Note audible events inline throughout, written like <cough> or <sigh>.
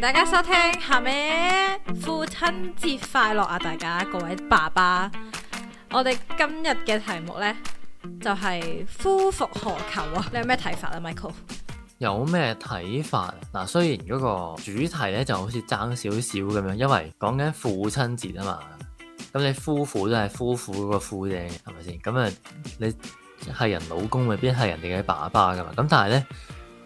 大家收聽下邊，父親節快樂啊！大家各位爸爸，我哋今日嘅題目呢，就係夫復何求啊！你有咩睇法啊，Michael？有咩睇法？嗱，雖然嗰個主題呢就好似爭少少咁樣，因為講緊父親節啊嘛，咁你夫婦都係夫婦嗰個夫啫，係咪先？咁啊，你係人老公未必係人哋嘅爸爸噶嘛？咁但係呢。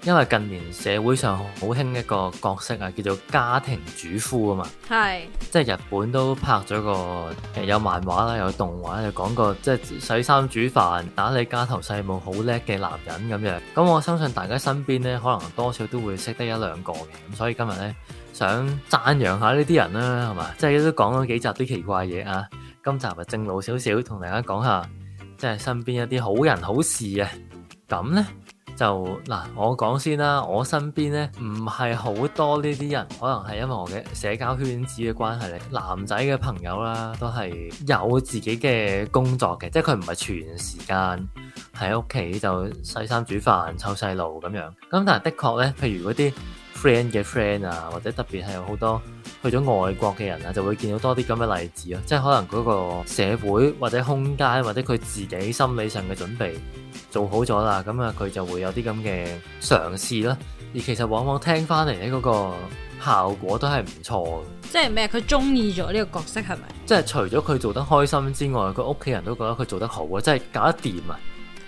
因為近年社會上好興一個角色啊，叫做家庭主夫啊嘛，係對即係日本都拍咗個誒有漫畫啦，有動畫又講過即係洗衫煮飯打理家頭細務好叻嘅男人咁樣。咁我相信大家身邊咧可能多少都會識得一兩個嘅，咁所以今日咧想讚揚下呢啲人啦、啊，係嘛？即係都講咗幾集啲奇怪嘢啊，今集啊正路少少，同大家講下即係身邊一啲好人好事啊，咁呢。就嗱，我講先啦。我身邊咧唔係好多呢啲人，可能係因為我嘅社交圈子嘅關係咧，男仔嘅朋友啦，都係有自己嘅工作嘅，即係佢唔係全時間喺屋企就洗衫煮飯湊細路咁樣。咁但係的確咧，譬如嗰啲 friend 嘅 friend 啊，或者特別係有好多，去咗外國嘅人啊，就會見到多啲咁嘅例子咯，即係可能嗰個社會或者空間或者佢自己心理上嘅準備做好咗啦，咁啊佢就會有啲咁嘅嘗試啦。而其實往往聽翻嚟呢，嗰個效果都係唔錯。即係咩？佢中意咗呢個角色係咪？是是即係除咗佢做得開心之外，佢屋企人都覺得佢做得好啊，即係搞得掂啊！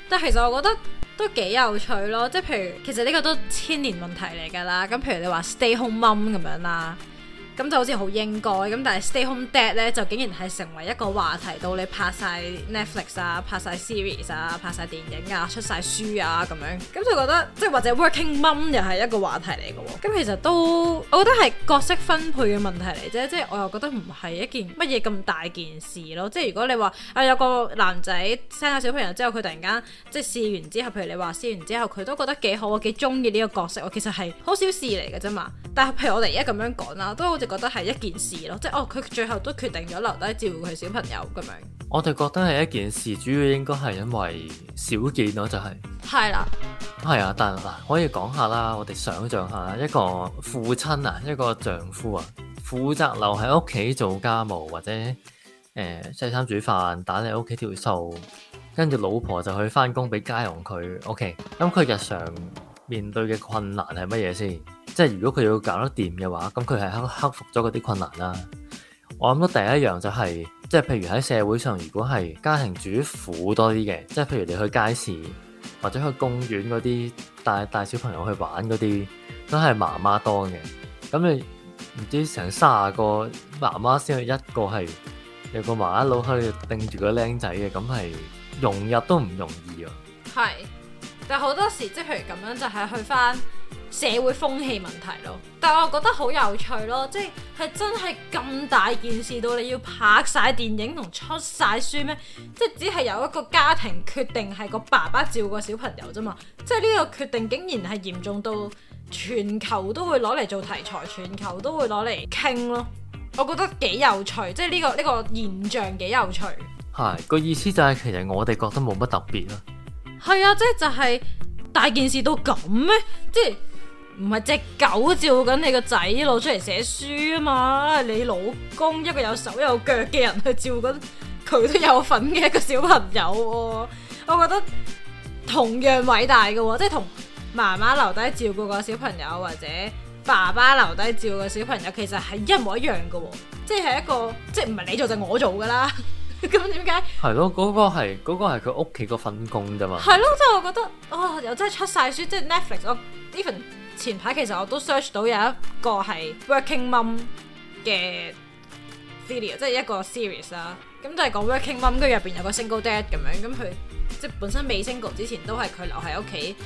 但其實我覺得都幾有趣咯，即係譬如其實呢個都千年問題嚟㗎啦。咁譬如你話 stay home mom 咁樣啦。咁就好似好應該咁，但係 stay home dad 咧就竟然係成為一個話題，到你拍晒 Netflix 啊，拍晒 series 啊，拍晒電影啊，出晒書啊咁樣，咁就覺得即係或者 working mom 又係一個話題嚟嘅喎。咁其實都我覺得係角色分配嘅問題嚟啫，即係我又覺得唔係一件乜嘢咁大件事咯。即係如果你話啊、呃、有個男仔生下小朋友之後，佢突然間即係試完之後，譬如你話試完之後佢都覺得幾好，幾中意呢個角色，我其實係好少事嚟嘅啫嘛。但係譬如我哋而家咁樣講啦，都好。覺得係一件事咯，即係哦，佢最後都決定咗留低照顧佢小朋友咁樣。我哋覺得係一件事，主要應該係因為少見咯，就係、係、係啦，係啊，但嗱，可以講下啦，我哋想象一下一個父親啊，一個丈夫啊，負責留喺屋企做家務或者誒洗衫煮飯，打理屋企條數，跟住老婆就去翻工俾家用，佢 O K。咁佢日常面對嘅困難係乜嘢先？即係如果佢要搞得掂嘅話，咁佢係克克服咗嗰啲困難啦。我諗到第一樣就係、是，即係譬如喺社會上，如果係家庭主婦多啲嘅，即係譬如你去街市或者去公園嗰啲帶帶小朋友去玩嗰啲，都係媽媽多嘅。咁你唔知成卅個媽媽先有一個係有個媽媽佬去定住個僆仔嘅，咁係融入都唔容易啊。係，但係好多時即係譬如咁樣，就係、是、去翻。社會風氣問題咯，但係我覺得好有趣咯，即係真係咁大件事到你要拍晒電影同出晒書咩？即係只係有一個家庭決定係個爸爸照顧小朋友啫嘛，即係呢個決定竟然係嚴重到全球都會攞嚟做題材，全球都會攞嚟傾咯，我覺得幾有趣，即係呢個呢個現象幾有趣。係個意思就係其實我哋覺得冇乜特別咯。係啊，即係就係、是。大件事都咁咩？即係唔係隻狗照緊你個仔，攞出嚟寫書啊嘛？你老公一個有手有腳嘅人去照緊，佢都有份嘅一個小朋友喎，我覺得同樣偉大噶喎。即係同媽媽留低照顧個小朋友，或者爸爸留低照顧個小朋友，其實係一模一樣噶喎。即係一個，即係唔係你做就我做噶啦。咁點解？係咯，嗰、嗰個係嗰、嗰個係佢屋企嗰份工咋嘛？係咯，即係我覺得，哦，又真係出晒書，即係 Netflix。我 even 前排其實我都 search 到有一個係 Working Mum 嘅 video，即係一個 series 啦、啊。咁、嗯、就係講 Working Mum，跟住入邊有個 single dad 咁樣，咁佢即係本身未升局之前都係佢留喺屋企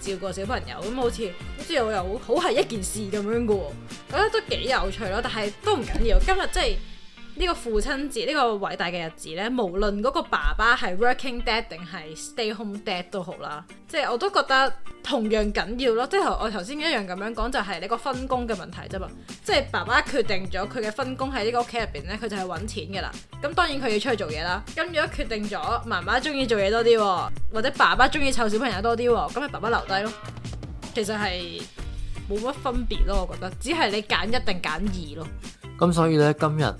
照顧小朋友，咁好似好似又又好係一件事咁樣噶。我覺得都幾有趣咯，但係都唔緊要。今日即係。呢個父親節，呢個偉大嘅日子呢，無論嗰個爸爸係 working dad 定係 stay home dad 都好啦，即係我都覺得同樣緊要咯。即係我頭先一樣咁樣講，就係你個分工嘅問題啫嘛。即係爸爸決定咗佢嘅分工喺呢個屋企入邊呢，佢就係揾錢嘅啦。咁當然佢要出去做嘢啦。咁如果決定咗媽媽中意做嘢多啲，或者爸爸中意湊小朋友多啲，咁係爸爸留低咯。其實係冇乜分別咯，我覺得只係你揀一定揀二咯。咁所以呢，今日。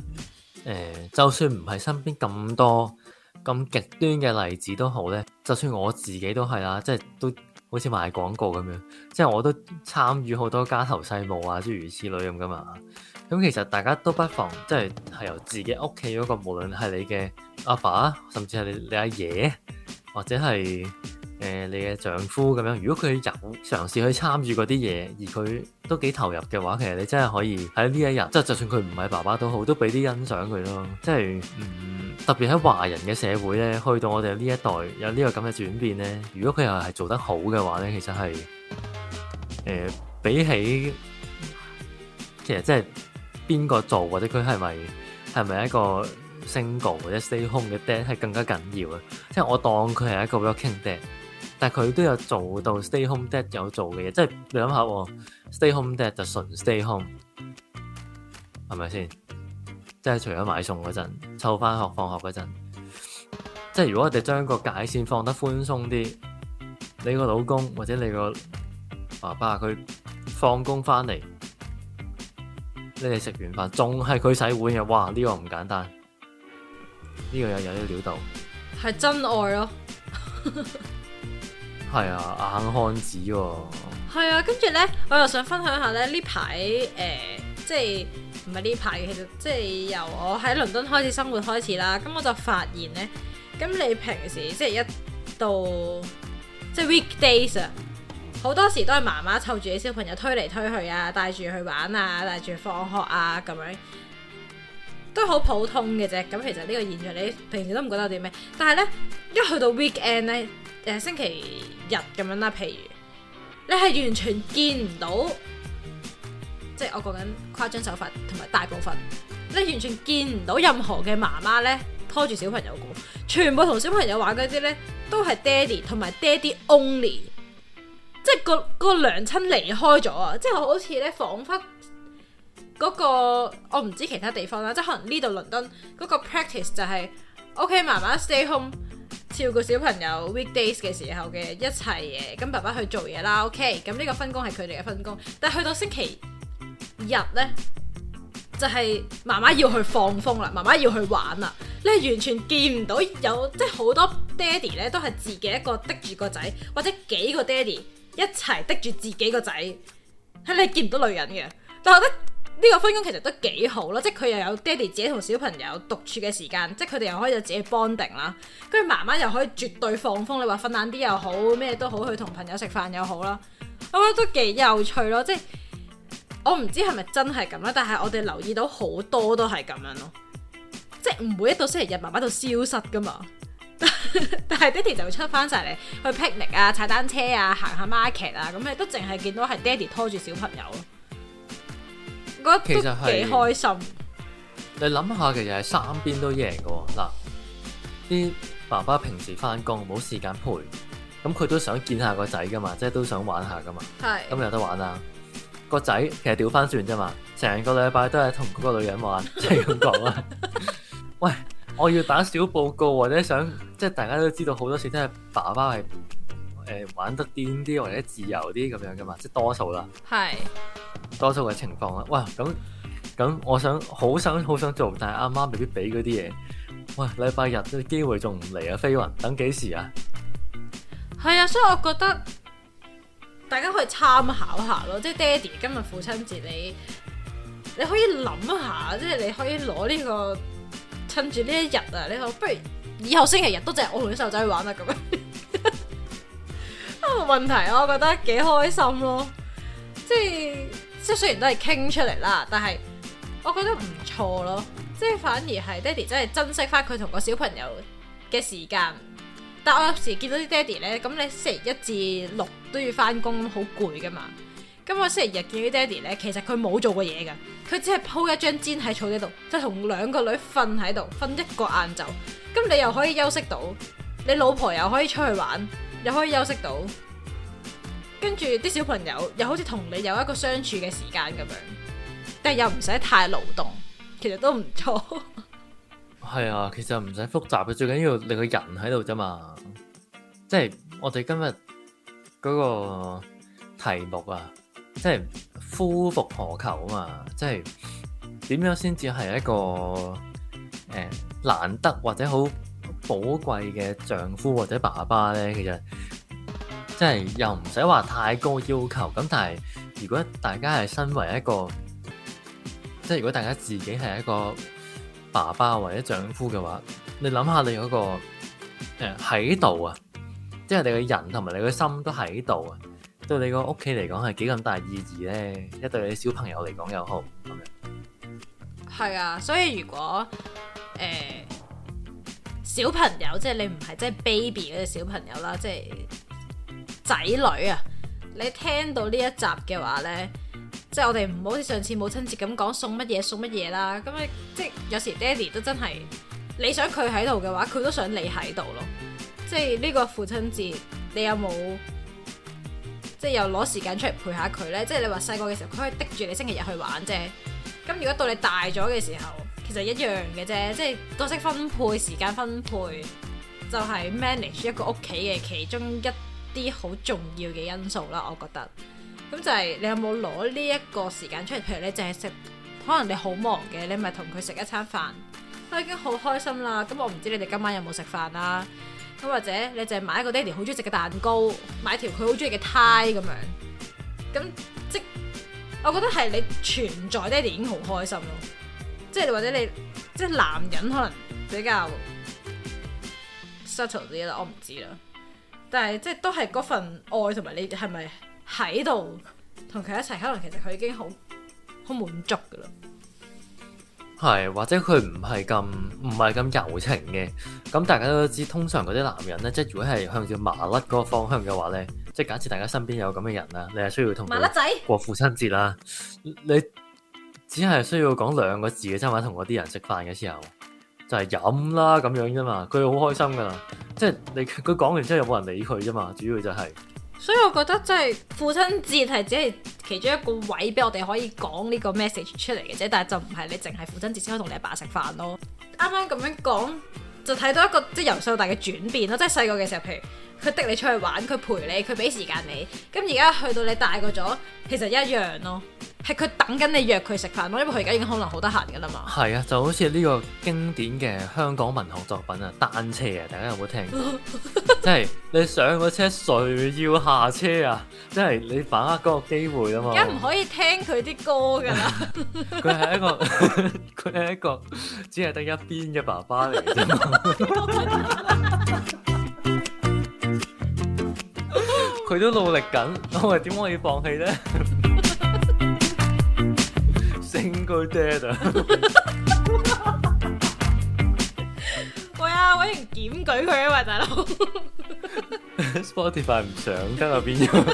誒、呃，就算唔係身邊咁多咁極端嘅例子都好咧，就算我自己都係啦，即係都好似賣廣告咁樣，即係我都參與好多家頭細務啊，諸如此類咁噶嘛。咁其實大家都不妨即係係由自己屋企嗰個，無論係你嘅阿爸爸，甚至係你你阿爺，或者係。誒、呃，你嘅丈夫咁樣，如果佢有嘗試去參與嗰啲嘢，而佢都幾投入嘅話，其實你真係可以喺呢一日，即係就算佢唔係爸爸都好，都俾啲欣賞佢咯。即係，嗯，特別喺華人嘅社會咧，去到我哋呢一代有呢個咁嘅轉變咧，如果佢又係做得好嘅話咧，其實係誒、呃，比起其實即係邊個做或者佢係咪係咪一個 single 或者 stay home 嘅 dad，係更加緊要啊！即係我當佢係一個 working dad。但佢都有做到 stay home dad 有做嘅嘢，即係你諗下，stay home dad 就純 stay home，係咪先？即係除咗買餸嗰陣，湊翻學放學嗰陣，即係如果我哋將個界線放得寬鬆啲，你個老公或者你個爸爸佢放工翻嚟你哋食完飯仲係佢洗碗嘅，哇！呢、這個唔簡單，呢、這個又有啲料到。係真愛咯、哦。 <laughs> 係啊，硬漢子喎。係啊、喔，跟住呢，我又想分享下呢呢排誒、呃，即係唔係呢排？其實即係由我喺倫敦開始生活開始啦。咁我就發現呢，咁你平時即係一到即係 weekdays 啊，好多時都係媽媽湊住啲小朋友推嚟推去啊，帶住去玩啊，帶住放學啊咁樣，都好普通嘅啫。咁其實呢個現象，你平時都唔覺得有啲咩，但係呢，一去到 weekend 呢，誒、呃、星期日咁樣啦，譬如你係完全見唔到，即係我講緊誇張手法同埋大部分，你完全見唔到任何嘅媽媽咧拖住小朋友過，全部同小朋友玩嗰啲咧都係爹哋同埋爹哋 only，即係、嗰個、嗰個娘親離開咗啊！即係好似咧仿佛嗰個我唔知其他地方啦，即係可能呢度倫敦嗰個 practice 就係、是、OK，媽媽 stay home。照顧小朋友 weekdays 嘅時候嘅一齊，跟爸爸去做嘢啦，OK，咁呢個分工係佢哋嘅分工。但係去到星期日呢，就係媽媽要去放風啦，媽媽要去玩啦。你係完全見唔到有，即係好多爹地呢都係自己一個得住個仔，或者幾個爹地一齊得住自己個仔。喺你見唔到女人嘅，但係咧。呢個分工其實都幾好咯，即係佢又有爹哋自己同小朋友獨處嘅時間，即係佢哋又可以有自己 bonding 啦，跟住媽媽又可以絕對放風，你話瞓晏啲又好，咩都好，去同朋友食飯又好啦，我覺得都幾有趣咯。即係我唔知係咪真係咁啦，但係我哋留意到好多都係咁樣咯，即係唔會一到星期日，媽媽就消失噶嘛， <laughs> 但係爹哋就會出翻晒嚟去 picnic 啊、踩單車啊、行下 market 啊，咁你都淨係見到係爹哋拖住小朋友。其實係幾開心。你諗下，其實係三邊都贏噶嗱。啲爸爸平時翻工冇時間陪，咁佢都想見下個仔噶嘛，即係都想玩下噶嘛。係是。咁有得玩啦。個仔其實掉翻轉啫嘛，成個禮拜都係同嗰個女人玩，即係咁講啊。 <laughs> <laughs> 喂，我要打小報告或者想，即係大家都知道好多時都係爸爸係誒、呃、玩得癲啲或者自由啲咁樣噶嘛，即係多數啦。係。多數嘅情況啦，哇！咁咁，我想好想好想做，但係阿媽未必俾嗰啲嘢。哇！禮拜日嘅機會仲唔嚟啊？飛雲等幾時啊？係啊，所以我覺得大家可以參考下咯。即係爹哋今日父親節，你你可以諗下，即係你可以攞呢個趁住呢一日啊，你話不如以後星期日都淨係我同啲細路仔玩啊咁樣。啊， <laughs> 問題我覺得幾開心咯，即係。即係雖然都係傾出嚟啦，但係我覺得唔錯咯。即係反而係爹哋真係珍惜翻佢同個小朋友嘅時間。但我有時見到啲爹哋呢，咁你星期一至六都要翻工，好攰噶嘛。咁我星期日見到啲爹哋呢，其實佢冇做過嘢噶，佢只係鋪一張氈喺草地度，就同、是、兩個女瞓喺度，瞓一個晏晝。咁你又可以休息到，你老婆又可以出去玩，又可以休息到。跟住啲小朋友又好似同你有一個相處嘅時間咁樣，但係又唔使太勞動，其實都唔錯。係 <laughs> 啊，其實唔使複雜嘅，最緊要你個人喺度啫嘛。即係我哋今日嗰個題目啊，即係夫復何求啊嘛，即係點樣先至係一個誒難得或者好寶貴嘅丈夫或者爸爸咧？其實。即係又唔使話太高要求，咁但係如果大家係身為一個，即係如果大家自己係一個爸爸或者丈夫嘅話，你諗下你嗰個誒喺度啊，即係你個人同埋你個心都喺度啊，對你個屋企嚟講係幾咁大意義咧，一對你小朋友嚟講又好咁樣。係啊，所以如果誒小朋友，即係你唔係即係 baby 嗰啲小朋友啦，即係。仔女啊，你聽到呢一集嘅話呢，即係我哋唔好似上次母親節咁講送乜嘢送乜嘢啦。咁你即係有時爹哋都真係，你想佢喺度嘅話，佢都想你喺度咯。即係呢個父親節，你有冇即係又攞時間出嚟陪下佢呢？即係你話細個嘅時候，佢可以逼住你星期日去玩啫。咁如果到你大咗嘅時候，其實一樣嘅啫，即係角色分配、時間分配，就係 manage 一個屋企嘅其中一啲好重要嘅因素啦，我覺得咁就係、是、你有冇攞呢一個時間出嚟？譬如你淨係食，可能你好忙嘅，你咪同佢食一餐飯，都已經好開心啦。咁我唔知你哋今晚有冇食飯啦、啊。咁或者你淨係買一個爹哋好中意食嘅蛋糕，買條佢好中意嘅呔咁樣。咁即我覺得係你存在爹哋已經好開心咯。即係或者你即係男人可能比較 special 啲啦，我唔知啦。但係即係都係嗰份愛，同埋你係咪喺度同佢一齊？可能其實佢已經好好滿足噶啦。係或者佢唔係咁，唔係咁柔情嘅。咁大家都知，通常嗰啲男人呢，即係如果係向住麻甩嗰個方向嘅話呢，即係假設大家身邊有咁嘅人啦，你係需要同麻甩仔過父親節啦，麻甩？你只係需要講兩個字嘅真嘛，同嗰啲人食飯嘅時候。就係飲啦咁樣啫嘛，佢好開心噶啦，即係你佢講完之後有冇人理佢啫嘛，主要就係。所以我覺得即係父親節係只係其中一個位俾我哋可以講呢個 message 出嚟嘅啫，但係就唔係你淨係父親節先可以同你阿爸食飯咯。啱啱咁樣講就睇到一個即係由細到大嘅轉變咯，即係細個嘅時候，譬如佢帶你出去玩，佢陪你，佢俾時間你，咁而家去到你大個咗，其實一樣咯。係佢等緊你約佢食飯咯，因為佢而家已經可能好得閒噶啦嘛。係啊，就好似呢個經典嘅香港文學作品啊，單車啊，大家有冇聽過？即係 <laughs> 你上個車，誰要下車啊？即、就、係、是、你把握嗰個機會啊嘛。而家唔可以聽佢啲歌噶啦。佢 <laughs> 係一個，佢係一個，只係得一邊嘅爸爸嚟嘅。佢 <laughs> <laughs> 都努力緊，我話點可以放棄咧？佢爹啊！喂啊！我已檢舉佢啊！喂，大佬，Spotify 唔上，咁又變咗？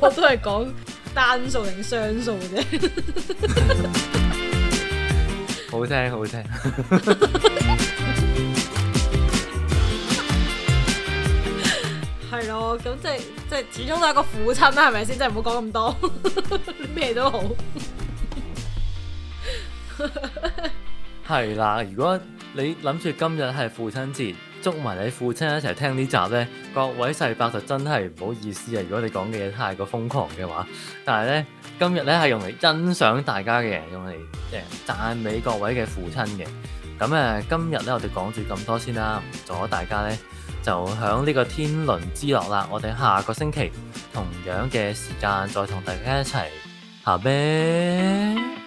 我都係講單數定雙數啫。好聽，好聽。係咯，咁即係即係，始終都係個父親啦，係咪先？即係唔好講咁多，咩都好。係啦， <laughs> 如果你諗住今日係父親節，捉埋你父親一齊聽呢集呢，各位世伯就真係唔好意思啊！如果你講嘅嘢太過瘋狂嘅話，但係呢，今日呢係用嚟欣賞大家嘅，用嚟誒讚美各位嘅父親嘅。咁、嗯、誒，今日呢，我哋講住咁多先啦，唔阻大家呢，就響呢個天倫之樂啦。我哋下個星期同樣嘅時間再同大家一齊下邊。